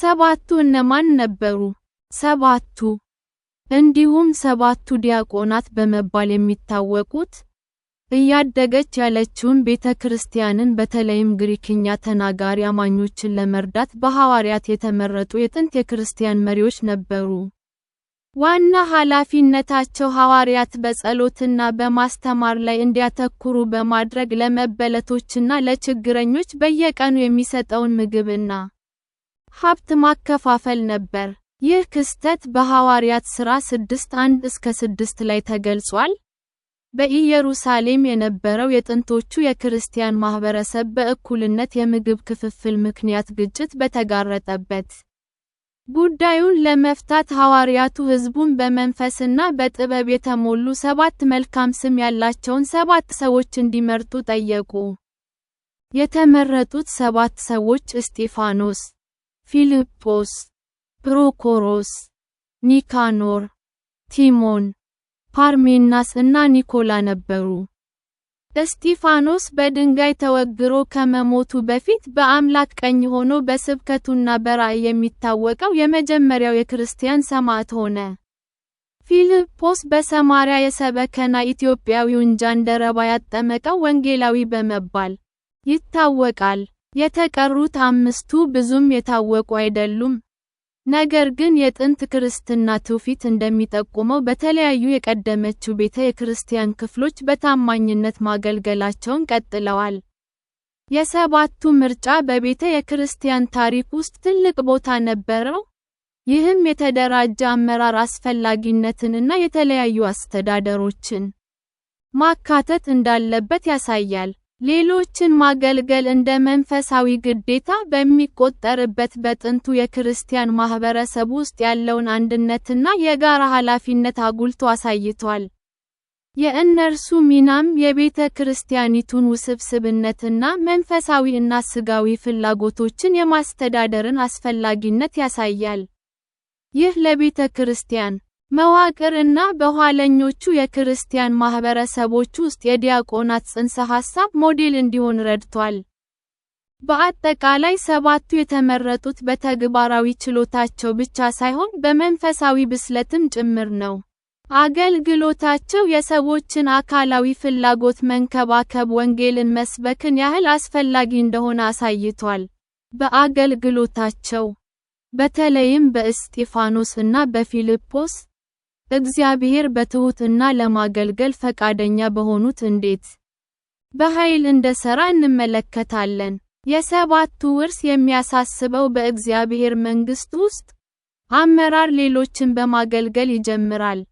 ሰባቱ እነማን ነበሩ? ሰባቱ እንዲሁም ሰባቱ ዲያቆናት በመባል የሚታወቁት እያደገች ያለችውን ቤተ ክርስቲያንን በተለይም ግሪክኛ ተናጋሪ አማኞችን ለመርዳት በሐዋርያት የተመረጡ የጥንት የክርስቲያን መሪዎች ነበሩ። ዋና ኃላፊነታቸው ሐዋርያት በጸሎትና በማስተማር ላይ እንዲያተኩሩ በማድረግ ለመበለቶችና ለችግረኞች በየቀኑ የሚሰጠውን ምግብና ሀብት ማከፋፈል ነበር። ይህ ክስተት በሐዋርያት ሥራ 1 እስከ 6 ላይ ተገልጿል። በኢየሩሳሌም የነበረው የጥንቶቹ የክርስቲያን ማኅበረሰብ በእኩልነት የምግብ ክፍፍል ምክንያት ግጭት በተጋረጠበት ጉዳዩን ለመፍታት ሐዋርያቱ ሕዝቡን በመንፈስና በጥበብ የተሞሉ ሰባት መልካም ስም ያላቸውን ሰባት ሰዎች እንዲመርጡ ጠየቁ። የተመረጡት ሰባት ሰዎች እስጢፋኖስ ፊልጶስ፣ ፕሮኮሮስ፣ ኒካኖር፣ ቲሞን፣ ፓርሜናስ እና ኒኮላ ነበሩ። እስጢፋኖስ በድንጋይ ተወግሮ ከመሞቱ በፊት በአምላክ ቀኝ ሆኖ በስብከቱና በራእይ የሚታወቀው የመጀመሪያው የክርስቲያን ሰማዕት ሆነ። ፊልጶስ በሰማርያ የሰበከና ኢትዮጵያዊውን ጃንደረባ ያጠመቀው ወንጌላዊ በመባል ይታወቃል። የተቀሩት አምስቱ ብዙም የታወቁ አይደሉም። ነገር ግን የጥንት ክርስትና ትውፊት እንደሚጠቁመው በተለያዩ የቀደመችው ቤተ የክርስቲያን ክፍሎች በታማኝነት ማገልገላቸውን ቀጥለዋል። የሰባቱ ምርጫ በቤተ የክርስቲያን ታሪክ ውስጥ ትልቅ ቦታ ነበረው። ይህም የተደራጀ አመራር አስፈላጊነትንና የተለያዩ አስተዳደሮችን ማካተት እንዳለበት ያሳያል። ሌሎችን ማገልገል እንደ መንፈሳዊ ግዴታ በሚቆጠርበት በጥንቱ የክርስቲያን ማኅበረሰብ ውስጥ ያለውን አንድነትና የጋራ ኃላፊነት አጉልቶ አሳይቷል። የእነርሱ ሚናም የቤተ ክርስቲያኒቱን ውስብስብነትና መንፈሳዊ እና ሥጋዊ ፍላጎቶችን የማስተዳደርን አስፈላጊነት ያሳያል። ይህ ለቤተ ክርስቲያን መዋቅር እና በኋለኞቹ የክርስቲያን ማህበረሰቦች ውስጥ የዲያቆናት ጽንሰ ሐሳብ ሞዴል እንዲሆን ረድቷል። በአጠቃላይ ሰባቱ የተመረጡት በተግባራዊ ችሎታቸው ብቻ ሳይሆን በመንፈሳዊ ብስለትም ጭምር ነው። አገልግሎታቸው የሰዎችን አካላዊ ፍላጎት መንከባከብ ወንጌልን መስበክን ያህል አስፈላጊ እንደሆነ አሳይቷል። በአገልግሎታቸው በተለይም በእስጢፋኖስ እና በፊልጶስ እግዚአብሔር በትሑትና ለማገልገል ፈቃደኛ በሆኑት እንዴት በኃይል እንደሠራ እንመለከታለን። የሰባቱ ውርስ የሚያሳስበው በእግዚአብሔር መንግሥት ውስጥ አመራር ሌሎችን በማገልገል ይጀምራል።